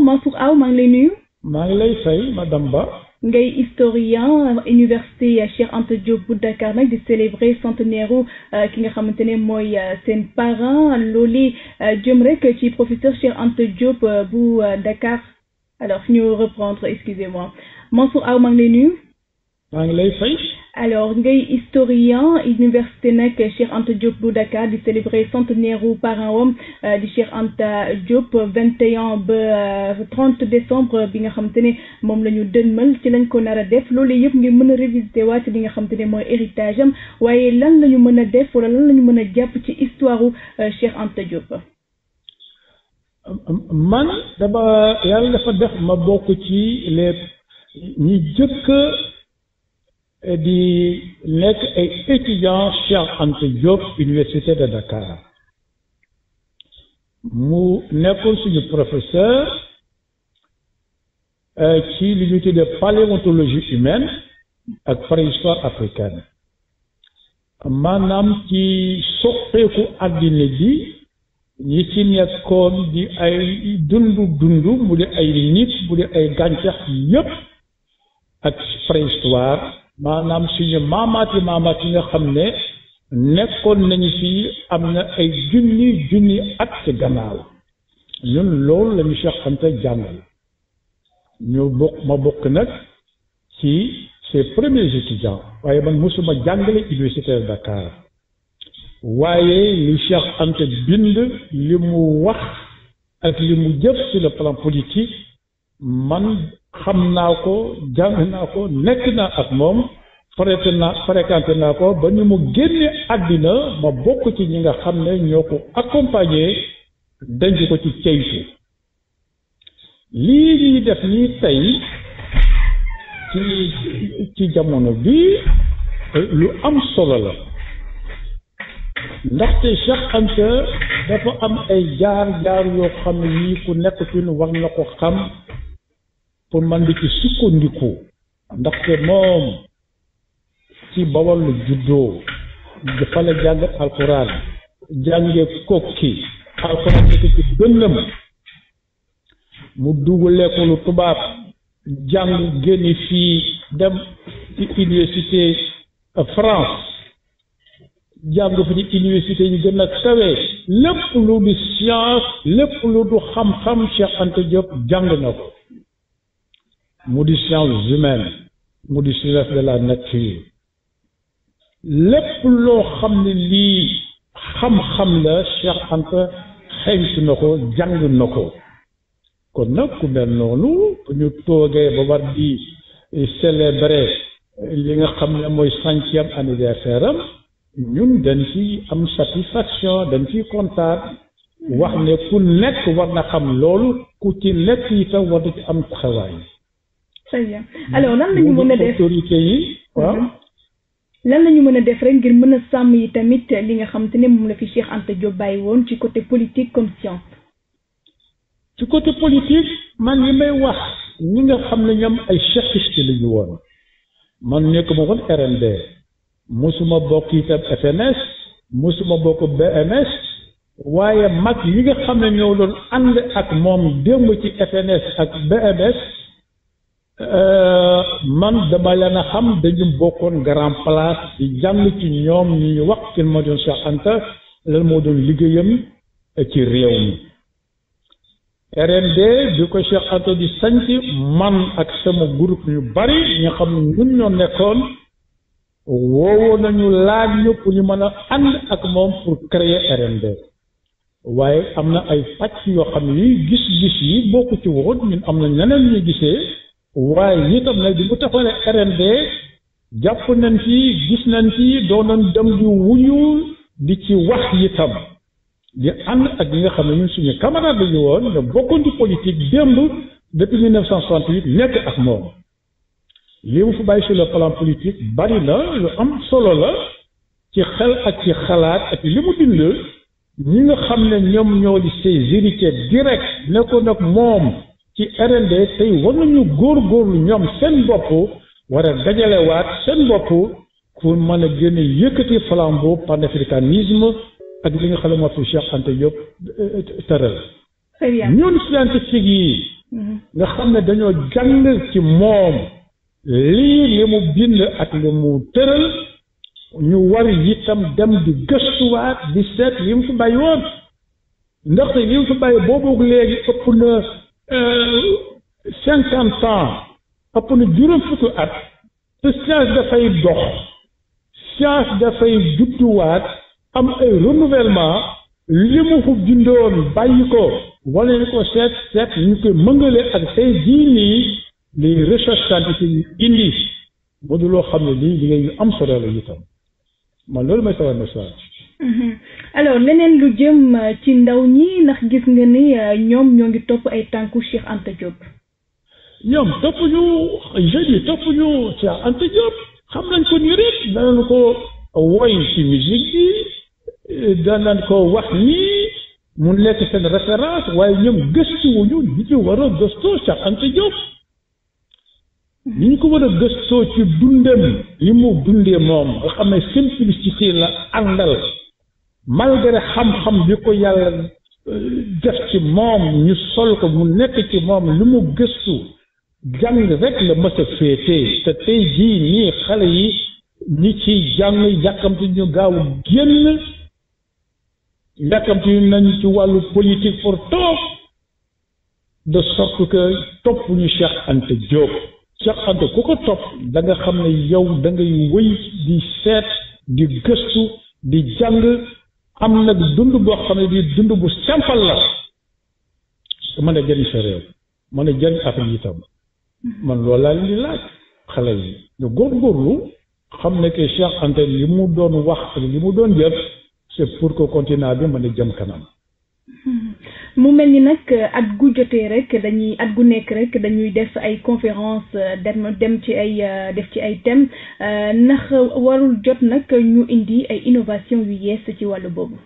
Mansour Aw maa ngi lay nuyu. maa ngi lay fay madame Ba. ngay historien université euh, Cheikh Anta Diop bu Dakar nag di célébrer centenaire u euh, ki nga xamante ne mooy euh, seen parent loolu jëm rek ci professeur Cheikh Anta Diop bu Dakar alors ñu reprendre excusez-moi Mansour Aw maa maa ngi lay fay. alors ngay historien université nag Cheikh Anta Diop bu Dakar di célébrer centenaire u parent wam euh, di Cheikh Anta Diop 21 ba 30 euh, décembre bi nga xam te ne moom la ñu dënmal ci lañ ko nar a def loolu yëpp ngir mën a révisiter waat li nga xam te ne mooy héritage am waaye lan la ñu mën a def wala lan la ñu mën a jàpp ci histoire u euh, Cheikh Anta Diop. man dama yàlla dafa def ci les ñi jëkk. di nekk ay étudiant Cheikh Anta Diop université de Dakar mu nekkoon suñu professeur euh, ci li ñu tuddee paléontologie humaine ak préhistoire africaine maanaam ci soqeeku àddina bi ñi ci nekkoon di ay dundu dundu mu di ay nit mu di ay gàncax yépp ak préhistoire maanaam suñu maamaat yi maamaat nga xam ne nekkoon nañu fii am na ay junni junni at gannaaw ñun loolu lañu Cheikh Anta jàngal ñu bokk ma bokk nag ci ses premiers étudiants waaye man mosuma jàngale université de Dakar waaye li Cheikh Anta bind li mu wax ak li mu jëf ci le plan politique man xam naa ko jàng naa ko nekk naa ak moom fréquenté naa fréquenté naa ko ba ni mu génne àddina ma bokk ci ñi nga xam ne ñoo ko accompagner denc ko ci ceytu lii ñuy def nii tey ci ci jamono bi lu am solo la ndaxte Cheikh Anta dafa am ay jaar jaar yoo xam ne ku nekk fi wax war na ko xam pour man di ci sukkandiku ndaxte moom ci bawal la juddoo dafa la jàng alxuraan jànge kokki alxuraan nekk ci dënnam mu dugalee ko tubaab jàng génn fii dem ci université France jàng fi ci université yi gën a kawe lépp lu du science lépp lu du xam-xam Cheikh Anta jàng na ko mu di science humaine mu di science de la nature lépp loo xam ne lii xam-xam la Cheikh Anta xeeñtu na ko jàng na ko kon nag ku mel noonu bu ñu toogee ba war di eh, célébrer eh, li nga xam ne mooy cinquième anniversaire am ñun dañ ci am satisfaction dañ ci kontaan wax ne ku nekk war na xam loolu ku ci nekk itam war na ci am taxawaay très bien alors lan la ñu mën a def mën a def rek ngir mën a sàmm yi tamit li nga xam te ne moom la fi Cheikh Anta Diop bàyyi woon ci côté politique comme science. ci côté politique man li may wax ñi nga xam ne ñoom ay cheikhiste la ñu woon man nekk woon RND mosuma bokk itam FNS mosuma bokk BMS waaye mag yi nga xam ne ñoo doon ànd ak moom démb ci FNS ak BMS. Euh, man dama leen a xam dañu bokkoon grand place di jàng ci ñoom ñu wax kenn moo doon Cheikh Anta moo doon liggéeyam ci réew mi RND bi ko Cheikh Anta di sanc man ak sama groupe ñu bari ñu xam ne ñun ñoo nekkoon woowoo nañu laaj ñu pour ñu mën a ànd ak moom pour créer RND waaye am na ay pàcc yoo xam ne yi gis-gis yi bokku ci woon ñun am na ñeneen ñu gisee waaye itam nag di mu taxalee RND jàpp nañ ci gis nañ ci doonoon dem di wuñu di ci wax itam di ànd ak ñi nga xam ne ñun suñu camarade lañu woon nga bokkoon ci politique démb depuis 1968 nekk ak moom li mu fi bàyyi sur le plan politique bari na lu am solo la ci xel ak ci xalaat ak li mu bind ñi nga xam ne ñoom ñoo di ses héritiers nekkoon ak moom. ci RND tey war nañu góorgóorlu ñoom seen bopp war a dajalewaat seen bopp pour mën a génne yëkkati flambeau panafricanisme ak li nga xam ne moo fi Cheikh Anta euh, euh, mm-hmm. xam ne dañoo jàng ci moom lii li mu bind ak li mu tëral ñu war itam dem di gëstuwaat di seet li mu fi bàyyi woon ndaxte li mu fi bàyyi boobu léegi ëpp na Euh, cinquante ans ëpp na juróom fukki at te science dafay dox science dafay judduwaat am ay renouvellement li mu fu bindoon bàyyi ko wala ñu ko seet seet ñu koy mëngale ak tey jii nii les recherches scientifiques yu indi moo du loo xam ne lii liggéey yu am solo la itam man loolu may sawar message Mhm. alors leneen lu jëm euh, ci ndaw ñi ndax gis nga ni euh, ñoom ñoo ngi topp ay tànku Cheikh Anta Diop. ñoom topp ñu jeunes topp ñu Cheikh Anta xam nañ ko nii rek danañ ko woy ci musique bi euh, danañ ko wax nii mu nekk seen référence waaye ñoom gëstuwuñu li ñu war a gëstoo Cheikh Anta Diop. Mhm. ñu ko war a gëstoo ci dundam li mu dundee moom nga xam ne simplicité la àndal. malgré xam-xam bi ko yàlla euh, def ci moom ñu sol ko mu nekk ci moom lu mu gëstu jàng rek la mës a féetee te tey jii nii xale yi ñi ci jàng yàkkamti ñu gaaw génn yàkkamti nañ ci wàllu politique pour toog de sorte que topp ñu Cheikh Anta Diop ku ko topp da xam ne yow da ngay wëy di seet di gëstu di jàng am nag dund boo xam ne bii dund bu simple la mën a jëriñ sa réew mën a jëriñ affaire yi itam man loolu laa leen laaj xale yi ñu góorgóorlu xam ne que Cheikh Anta li mu doon wax li mu doon jëf c'est pour ko continent bi mën a jëm kanam mu mel ni nag at gu jotee rek dañuy at gu nekk rek dañuy def ay conférence euh, dem dem ci ay euh, def ci ay thème euh, ndax warul jot nag ñu indi ay innovation yu yees ci wàllu boobu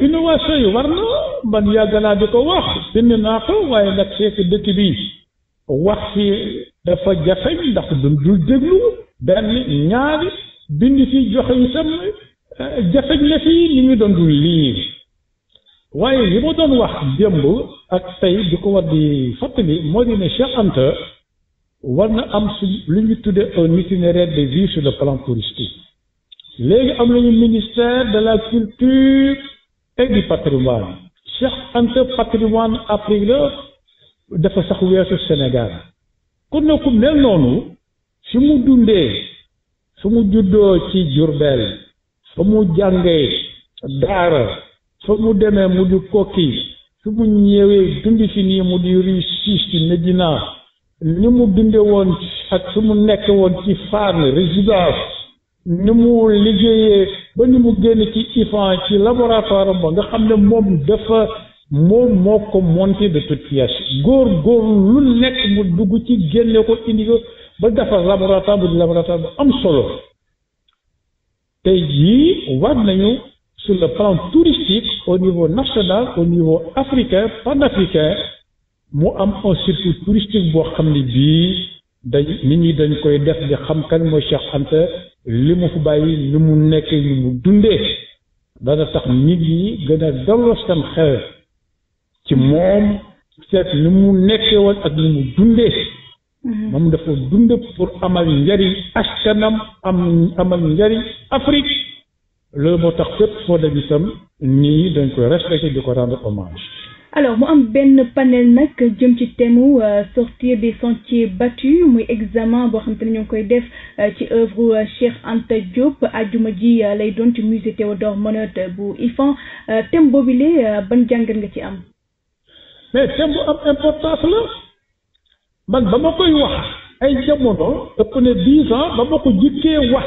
innovation yi war na man yàgg naa di ko wax bind naa ko waaye nag fekk dëkk bi wax fi dafa jafeñ ndax duñ dul déglu benn ñaari bind fi joxe itam jafeñ la fii li ñu doon dul liir waaye li ma doon wax démb ak tey di ko war di fàttali moo di ne Cheikh Anta war na am su lu ñu tuddee un itinéraire de vie sur le plan touristique léegi am nañu ministère de la culture et du patrimoine Cheikh Anta patrimoine Afrique la dafa sax weesu Sénégal kon na ku mel noonu fi mu dundee fi mu juddoo ci Jurbel fa mu jàngee daara su mu demee mu di kokki su mu ñëwee dund fi nii mu di réussite ci Medina ni mu dunde woon ak su mu nekk woon ci Fann résidence ni mu liggéeyee ba ni mu génn ci IFAN ci laboratoire ba nga xam ne moom dafa moom moo ko monté de toutes pièces góor góor lu nekk mu dugg ci génne ko indi ko ba defar laboratoire bu di laboratoire bu am solo tey jii war nañu sur le plan touristique au niveau national au niveau africain panafricain mu am un circuit touristique boo xam ne bii dañ nit ñi dañ koy def di xam kan mooy Cheikh Anta li mu fi bàyyi ni mu nekk ni mu dundee dana tax nit ñi gën a delloo seen xel ci moom seet ni mu nekkee woon ak ni mu dundee mm-hmm. moom dafa dund pour amal njariñ askanam am amal njariñ Afrique loolu moo tax fépp foo dem itam nii dañ koy respecté di ko rendre hommage. alors mu am benn panel nag jëm ci thème euh, sortir des sentiers battus muy examen boo xam te ne ñoo ngi koy def euh, ci œuvre euh, Cheikh Anta Diop ajuma ji lay doon ci musée Théodore Monod bu IFAN thème boobule ban jàngat nga ci am. mais thème am importance la man ba ma koy wax ay jamono ëpp ne dix ans ba ma ko jikkee wax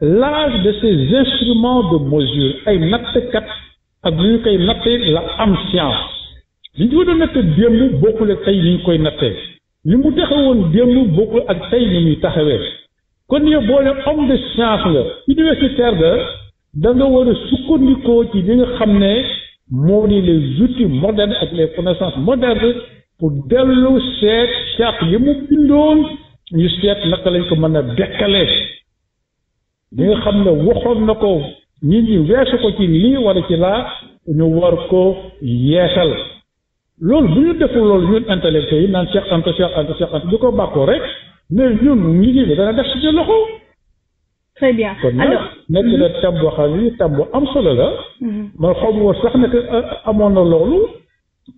l'âge de ces instruments de mesure ay nattkat ak li ñu koy nattee la am science li ñu ko doon nattee démb bokkul ak tey li ñu koy nattee li mu taxawoon démb bokkul ak tey ni muy taxawee kon yow boo ne homme de science nga universitaire nga da nga war a ci li nga xam ne moo di les outils modernes ak les connaissances modernes pour dellu seet charte yi mu bindoon ñu seet naka lañ ko mën a dekkalee bi nga xam ne waxoon na ko nit ñi weesu ko ci lii wala ci laa ñu war ko yeesal loolu bu ñu deful loolu ñun intellectuels yi naan Cheikh Anta Cheikh Anta Cheikh ko bàkkoo rek mais ñun liggéey bi dana def suñu loxo. très nekk na mm-hmm. thème boo xam ne thème bu am solo la. Mm-hmm. man xaw ma sax ne euh, amoon na loolu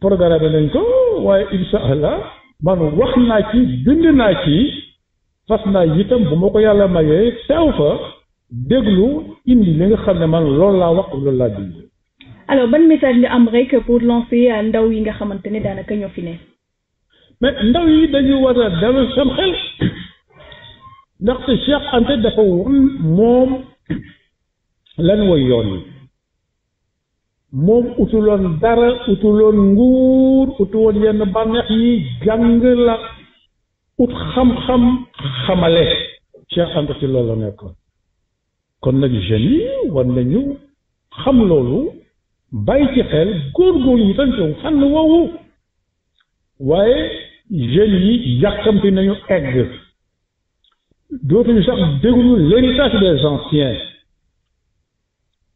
programme nañ ko waaye insha allah man wax naa ci bind naa ci fas naa itam bu ma ko yàlla mayee teew fa. déglu indi li nga xam ne man loolu laa wax loolu laa bind. alors ban message nga am rek pour lancer ndaw yi nga xamante ne daanaka ñoo fi ne. mais ndaw yi dañu war a dellu seen xel ndaxte Cheikh Anta dafa won moom lan mooy yoon moom utuloon dara utuloon nguur utuloon yenn bànneex yi jàng la ut xam-xam xamale Cheikh Anta ci loolu la nekkoon. kon nag jeunes yi war nañu xam loolu bàyyi ci xel góorgóorlu ñu tan ci fànn woowu waaye jeunes yi yàkkamti nañu egg dootuñu sax déglu l'héritage des anciens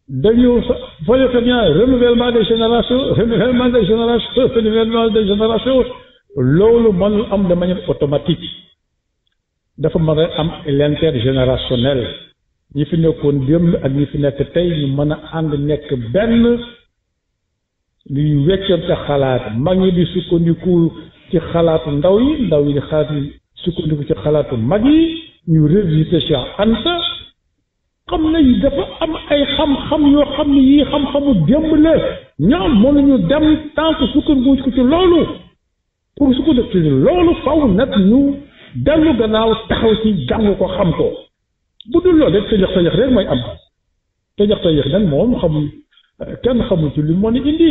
dañu fooy très bien renouvellement des générations renouvellement des générations renouvellement des générations am de manière automatique dafa mën a am l'intergénérationnel ñi fi nekkoon démb ak ñi fi nekk tey ñu mën a ànd nekk benn ñuy weccante xalaat mag ñi di sukkondiku ci xalaatu ndaw yi ndaw yi di xalaat sukkandiku ci xalaatu mag yi ñu revisité Cheikh Anta xam nañ dafa am ay xam-xam yoo xam ne yii xam-xamu démb la ñoom moom dem tant que sukkandiku ko ci loolu pour sukkandiku ci loolu faw nag ñu dellu gannaaw taxaw ci jàng ko xam ko bu dul loolu rek tëjax tëjax rek mooy am tëjax tëjax nag moom xamul kenn xamul ci lu mën a indi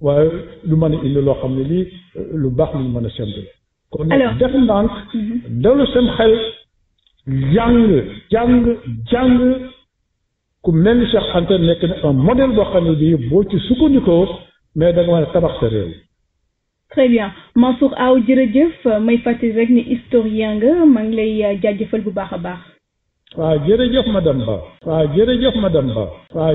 waaye lu mën a indi loo xam ne lii lu baax lu mën a semble kon def ndànk dellu seen xel jàng jàng jàng ku mel ni Cheikh Anta nekk na un modèle boo xam ne bii boo ci sukkandikoo mais danga nga mën a tabax sa réew très bien Mansour Aw jërëjëf may fàttali rek ni historien nga maa ngi lay jaajëfal bu baax a baax waaw jërëjëf madame Ba waaw jërëjëf madame Ba waaw